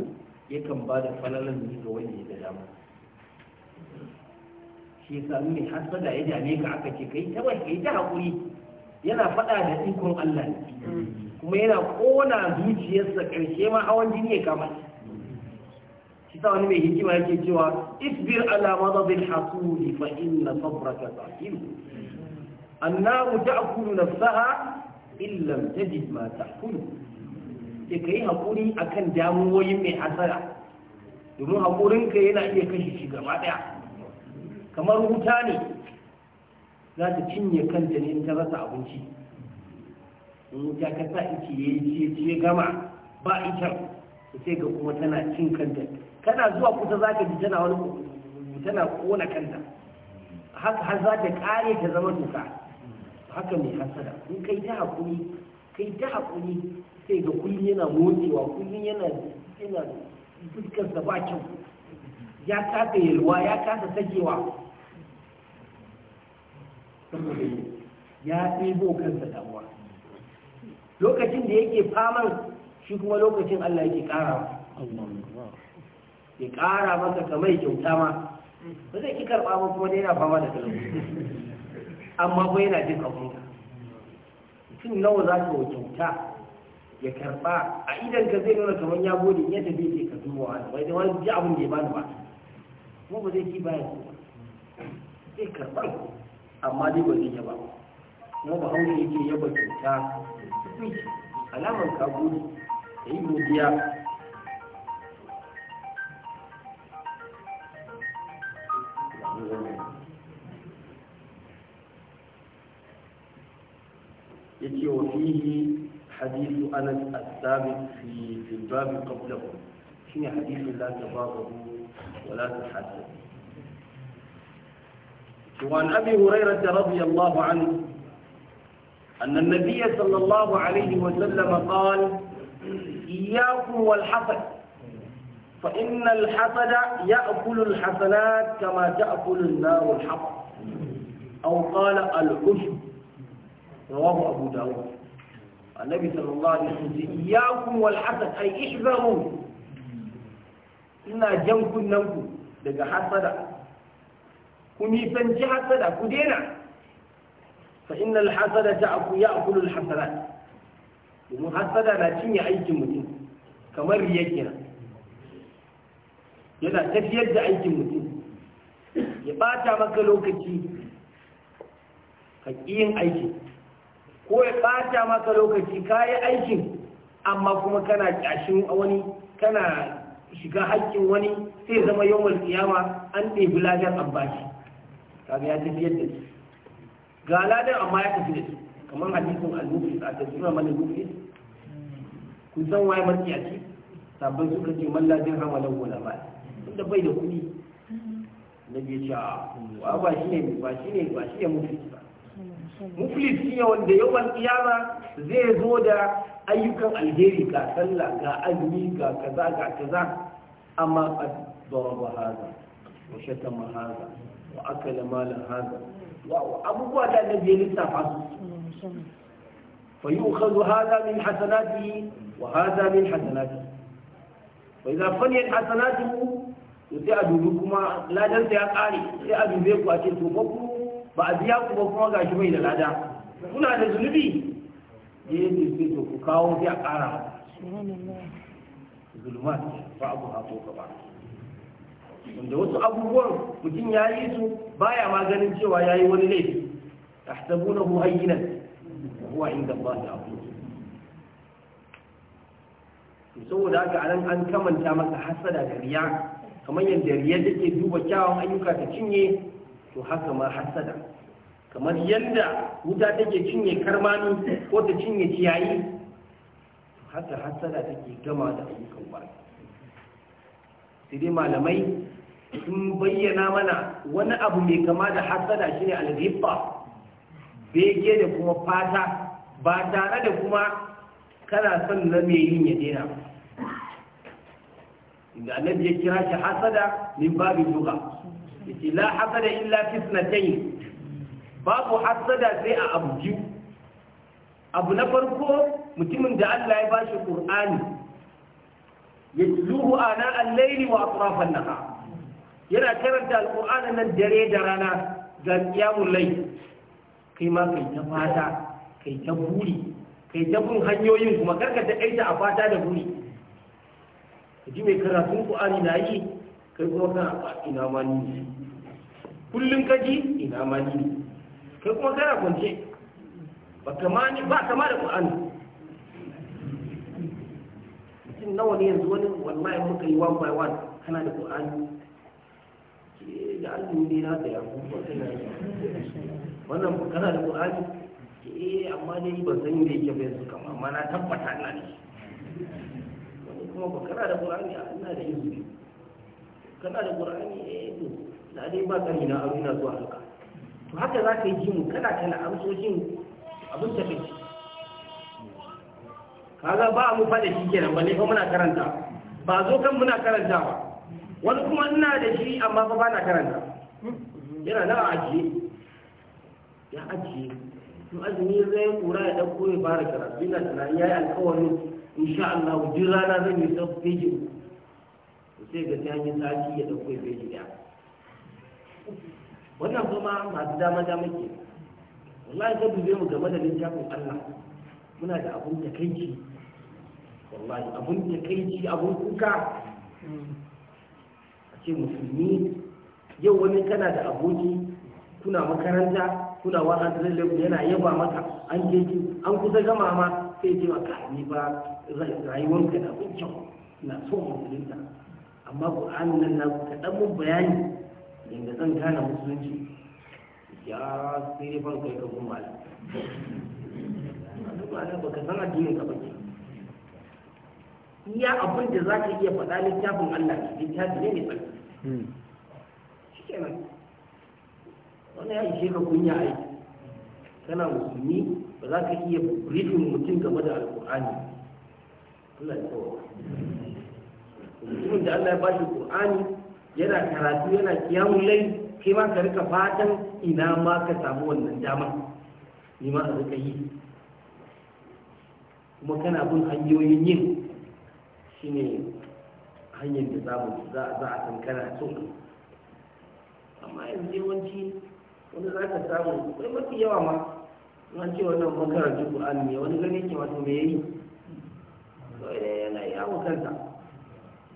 yakan ba da falalar ne ga wani ya dama shi sami mai hasada ya dame ka aka ce kai ta wai kai ta haƙuri yana faɗa da ikon Allah ne kuma yana ƙona zuciyarsa ƙarshe ma hawan jini ya kama sa wani mai hikima yake cewa isbir ala madadil hasuli fa inna sabraka sahil annaru ta'kulu nafsaha illam tajid ma ta'kulu ke kai hakuri akan damuwoyin mai hasara domin ka yana iya kashe shi gaba daya kamar wuta ne za ta cinye kanta ne ta rasa abinci in wuta ka sa ice ya ce ciye gama ba icar sai ga kuma tana cin kanta kana zuwa kusa za ka ji tana wani tana kona kanta haka har za ta kare ta zama doka haka mai hasada in kai ta haƙuri kai ta haƙuri sai ga kullum yana motsewa kullum yana yana fuskarsa ba kyau ya kasa yalwa ya kasa sakewa ya ɗebo kansa damuwa lokacin da yake faman shi kuma lokacin Allah yake ƙara. ya ƙara maka kamar kyauta ma ba zai ki karɓa ba kuma dai yana fama da talauci amma ba yana jin abun ka mutum nawa za ka wa kyauta ya karɓa a idan ka zai nuna kamar ya gode ya tafi ce ka duba wani bai da wani ji abin da ya bani ba kuma ba zai ki bayan ko zai karɓa amma dai ba zai yaba kuma ba hausa yake yaba kyauta alamar ka gode ka yi godiya فيه حديث أنس الثابت في في الباب قبله في حديث لا تباغضوا ولا تحاسبوا وعن أبي هريرة رضي الله عنه أن النبي صلى الله عليه وسلم قال إياكم والحسد فإن الحسد يأكل الحسنات كما تأكل النار الحطب أو قال العشب رواه أبو داود annabi sallallahu alaihi wasallam iyyakum wal hasad ay ihzaru ina jan kunnen ku daga hasada ku nisanci hasada ku dena fa innal hasada ta'ku ya'kulu al hasanat domin hasada na cinye aikin mutum kamar riya yana tafiyar da aikin mutum ya bata maka lokaci haƙiyin aikin ko ya ɓata maka lokaci ka yi aikin amma kuma kana ƙyashin wani kana shiga haƙƙin wani sai zama mai tsiyama an ɗebi ladar ambaci kaga ya tafi yadda su ga ladar amma ya tafi da su kamar hadisun al-muflis a da mana muflis kun san waye matsiyaci sabbin suka ce mallajin hamalan gona ba tunda bai da kuɗi na biya a ba shi ne ba shi ne ba shi ne ba muflis shine wanda yawan kiyama zai zo da ayyukan alheri ga sallah ga azumi ga kaza ga kaza amma qad daraba haza wa shatama haza wa akala mala haza wa abubuwa da annabi ya lissafa su fa yu'khadhu haza min hasanati wa haza min hasanatihi fa idza hasanati hasanatuhu sai a dubi kuma ladan ya kare sai a dubi ku a ce to ku ba a biya ku ba kuma gashi bai da lada kuna da zunubi ya yi sai to ku kawo sai a ƙara zulmat ba abu hako ka ba wanda wasu abubuwan mutum ya yi su baya ma ganin cewa ya yi wani laifi tahsabunahu na huwa inda ba ta abu saboda haka anan an kamanta masa hasada da riya kamar yadda riya take duba kyawun ayyuka ta cinye to haka ma hasada kamar yadda wuta take cinye karmani ko ta cinye ciyayi to haka hasada take gama da ayyukan ba sai dai malamai sun bayyana mana wani abu mai kama da hasada shine alghibba bege da kuma fata ba tare da kuma kana son na mai yin ya dena inda annabi ya kira shi hasada min babin duka yake la hasada illa fi babu hasada sai a abu biyu abu na farko mutumin da Allah ya bashi Qur'ani yatluhu ana al-layli wa atraf an-nahar yana karanta al-Qur'ani nan dare da rana ga qiyamul layl kai ma kai ta fata kai ta buri kai ta bin hanyoyin kuma karka ta aita a fata da buri kaji mai karatun Qur'ani na yi kai kuma kana ina ma ni kullum ka ji ina ma ni kai kuma kana kwance ba kama ni ba kama da qur'ani mutum nawa ne yanzu wani wallahi muka yi one by one kana da qur'ani ke da allu ne na da yaku ba yi. wannan kana da qur'ani eh amma dai ban san yadda yake bai su kama amma na tabbata na ne wani kuma ba kana da qur'ani ina da izini kana da qur'ani eh to na dai ba kani na abu na zuwa halka to haka za ka yi jimu kana kana amsojin abin ta kake kaga ba mu fada shi kenan ne ko muna karanta ba zo kan muna karanta ba wani kuma ina da shi amma fa ba na karanta yana na ajiye ya ajiye to azumi zai kura ya dauko ya fara karatu ina tunanin yayi alƙawarin insha Allah duk rana zan yi sabbi sai ga ta yi zafi ya ɗauko ya bai gida wannan kuma masu dama dama muke wallahi ka dube mu game da littafin Allah muna da abun takaici wallahi abun takaici abun kuka a ce musulmi yau wani kana da aboki kuna makaranta kuna wa'azin lalle yana yaba maka an keji an kusa gama ma sai ce maka ni ba ka da abin kyau na so musulunta amma an nan na kaɗan mun bayani yadda zan gane musulunci ya sai ban kai ka gun malam duk ana baka san addinin ka bane iya abin da zaka iya faɗa littafin Allah ne littafi ne mai tsarki hmm. shikenan wannan ya ishe ka kunya aiki kana musulmi ba za ka iya briefin mutum game da alƙur'ani Allah ya tsawo mutumin da Allah ya ba shi Qur'ani yana karatu yana kiyamun lai kai ma ka rika fatan ina ma ka samu wannan dama ni ma a rika yi kuma kana bin hanyoyin yin shine hanyar da za a san kana so amma yanzu yawanci wani za ka samu kai mafi yawa ma an ce wannan makarantar Qur'ani ne wani gani ke wato me yayi to yana yawo kansa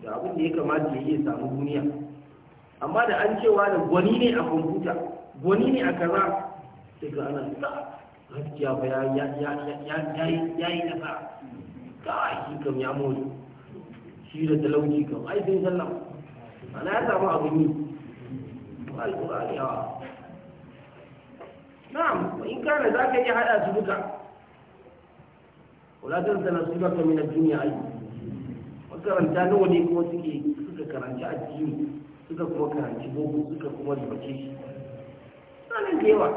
da abin da ya kamata ya iya samu duniya amma da an cewa da gwani ne a kwamfuta gwani ne a kaza sai ga ana sa gaskiya ba ya yi nasa a shi kam ya mori shi da talauci kam ai sun sallam ana ya samu abin yi ba alƙur'ani yawa na'am in kana za ka iya hada su duka wadatar da nasibaka min ad-dunya ayyuka karanta nawa ne kuma suke suka karanci addini suka kuma karanci boko suka kuma ribace shi sanin da yawa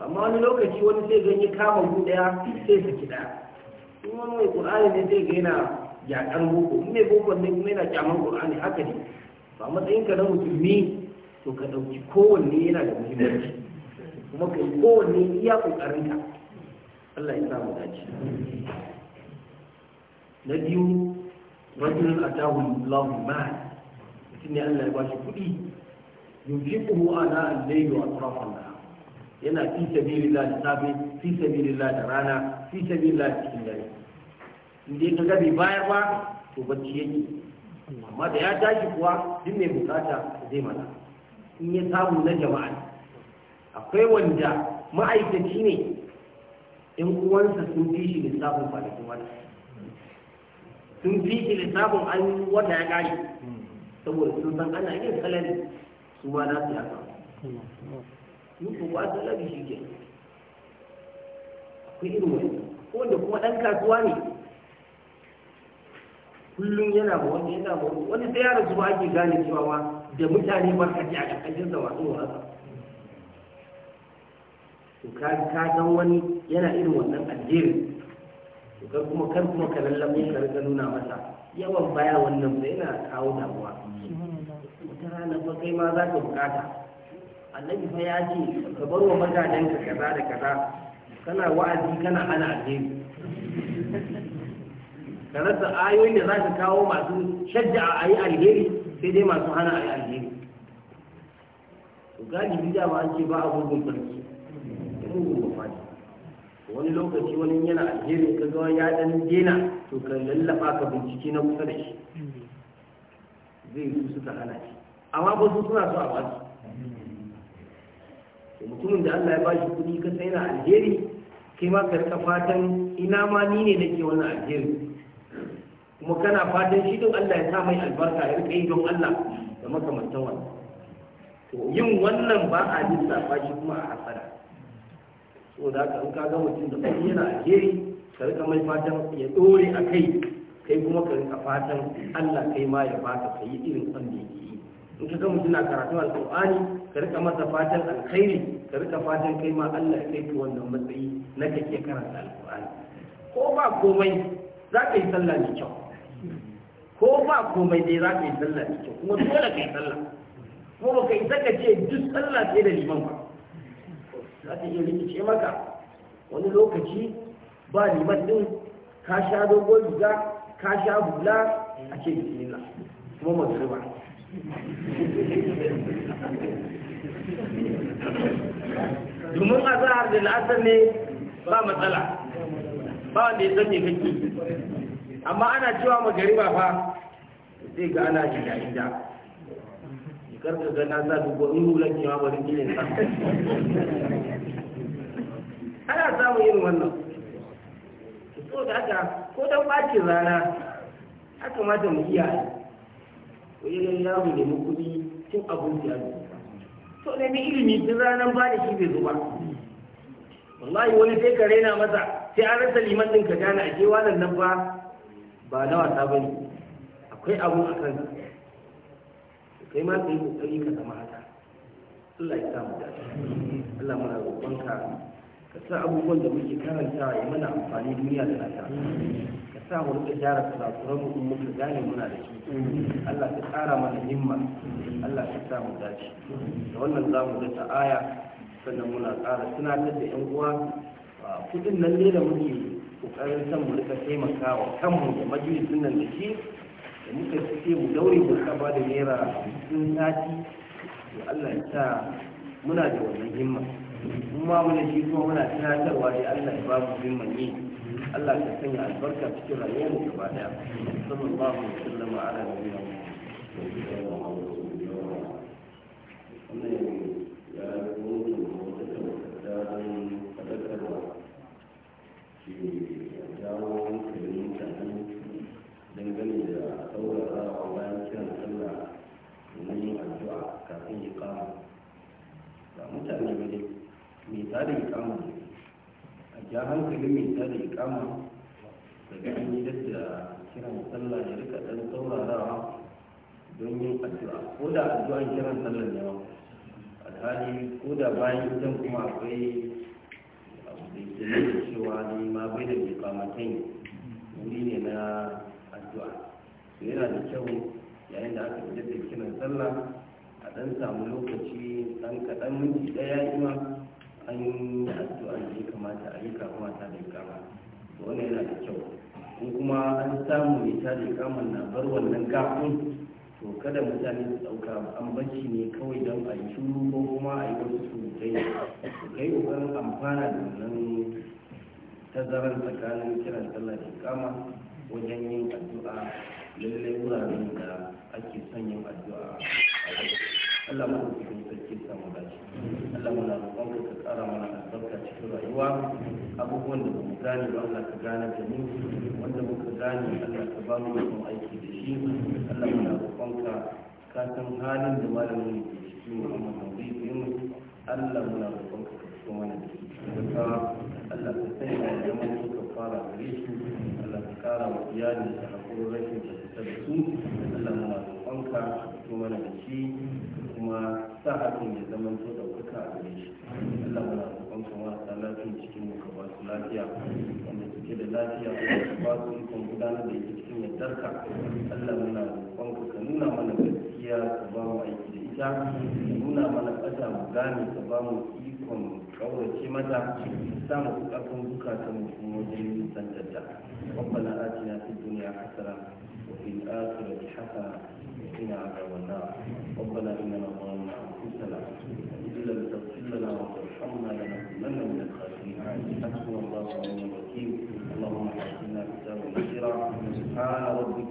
amma wani lokaci wani sai ganye kama ku daya sai saki daya in wani mai qur'ani ne sai ga yana yakar boko in mai boko ne kuma yana kyaman qur'ani haka ne ba matsayin ka na musulmi to ka dauki kowanne yana da muhimmanci kuma kai kowanne iya kokarin ka Allah ya samu dace na biyu rajulun atahu lahu mal mutum ne Allah ya bashi kuɗi yunfiquhu ana na layli a atrafan nahar yana fi sabilillah da safe fi sabilillah da rana fi sabilillah cikin dare in ya ka gabe bayar ba to bacci yake amma da ya tashi kuwa duk mai bukata zai mana in ya samu na jama'a akwai wanda ma'aikaci ne in uwansa sun fi shi lissafin kwanakin wata sun fi shi sabon an wata ya gari saboda sun san ana yin salari su ma na su yaka yin kuwa salari shi ke akwai irin wani wanda kuma ɗan kasuwa ne kullum yana ba wani yana ba wani sai yara su ba ake gane cewa ma da mutane ba ka ji a ƙarƙashin da wasu wa haka ka ka san wani yana irin wannan aljerin kai kuma kar kuma ka lallabo ka rika nuna masa yawan baya wannan bai yana kawo damuwa wata rana ba kai ma za ka bukata annabi fa ya ce ka bar wa mutanen ka kaza da kaza kana wa'azi kana hana alheri ka rasa ayoyin da za ka kawo masu shajja a ayi alheri sai dai masu hana a yi alheri to galibi da ba an ce ba a gurgun sarki ba fadi wani lokaci wani yana alheri ka ga ya dan dena to ka lallafa ka binciki na kusa da shi zai yi su suka hana shi amma ba su suna so a ba su mutumin da Allah ya ba shi kuɗi ka sai na alheri kai ma ka rika fatan ina ma ni ne nake wannan alheri kuma kana fatan shi don Allah ya sa mai albarka ya rika yi don Allah da makamantan wannan to yin wannan ba a lissafa shi kuma a hasara so da ka in ga mutum da kuma yana alheri ka rika mai fatan ya dore a kai kai kuma ka rika fatan Allah kai ma ya baka ka yi irin da yake yi in ka ga mutum na karatu alqur'ani ka rika masa fatan alkhairi ka rika fatan kai ma Allah ya kai ka wannan matsayi na kake karanta alqur'ani ko ba komai za ka yi sallah mai kyau ko ba komai dai za ka yi sallah mai kyau kuma dole ka yi sallah kuma ba ka isa ka ce duk sallah sai da liman ba za ta iya rikice maka wani lokaci ba liman din ka sha dogon riga ka sha hula a ce bismillah kuma magariba domin a zahar da la'asar ne ba matsala ba wanda ya sanya kake amma ana cewa magariba fa zai ga ana shiga inda kar ka ga na sa dubu in hulan kewa bari kilin sa ana samun yin wannan so da haka ko don ɓacin rana ya kamata mu iya ko yi yaro nemi kuɗi cin abinci a to nemi ilimi tun ranar ba da shi bai zo ba wallahi wani sai ka raina masa sai an rasa liman ɗin ka gane a kewa nan ba ba na wasa ba ne akwai abu a kansa kai ma ka yi kokari ka zama haka Allah ya samu dace Allah muna roƙon ka sa abubuwan da muke karanta ya mana amfani duniya da nata ka sa mu rika gyara kurakuran mu muka gane muna da shi Allah ka tsara mana himma Allah ka sa mu dace da wannan za mu ta aya sannan muna ƙara tunatar da yan uwa kudin nan ne da muke kokarin san mu rika taimakawa kanmu da majalisun nan da shi muka ce mu daure mu ba da naira cikin naci to Allah ya sa muna da wannan himma kuma muna shi kuma muna tunatarwa da Allah ya ba mu himman Allah ya sanya albarka cikin rayuwar mu gaba daya sallallahu alaihi wa sallam ala nabiyina ya hankali mai ta da ikama daga an yi da kiran sallah ya rika ɗan saurarawa don yin addu'a ko da addu'an kiran sallah ne ma alhali ko da bayan idan kuma akwai abu da ke nuna cewa ne ma bai da ikamatan wuri ne na addu'a to yana da kyau yayin da aka fitar da kiran sallah a ɗan samu lokaci ɗan kaɗan minti ɗaya ima an yi addu'a da ya kamata Wani yana da kyau in kuma an samu mai tada kamun na bar wannan gafin to kada mutane su ɗauka an bacci ne kawai don a yi shuru ko kuma a yi wasu surutai su kai kokarin amfana da wannan tazaran tsakanin kiran sallah da kama wajen yin addu'a lallai wuraren da ake son yin addu'a Allah mu kuma sarki samu dace Allah na roƙon ka ƙara mana cikin rayuwa abubuwan da mu gane ba Allah ka gane da mu wanda ka gane Allah ka ba mu yin aiki da shi Allah muna roƙonka ka san halin da malamin ke cikin Muhammad Nabi Yunus Allah muna roƙonka ka cikin mana da shi ka, Allah ka sanya da zama suka fara gare shi Allah ka kara wa iyalin da hakurin rashin da ta da su Allah muna roƙonka ka cikin mana da shi kuma sa hakan ya zama to ɗaukaka a gare shi Allah muna roƙonka musu marasa lafiya cikin mu ka su lafiya wanda suke da lafiya ka ba su ikon gudanar da ita cikin yardarka Allah muna roƙonka ka nuna mana gaskiya ka ba mu aiki da ita ka nuna mana ƙasa mu gane ka ba mu ikon kaurace mata samu ƙarfin zukatan mu wajen yin santanta ربنا آتنا في الدنيا حسنة وفي الآخرة حسنة وقنا عذاب النار ربنا إننا ظلمنا وتجعلنا الله سبحان ربك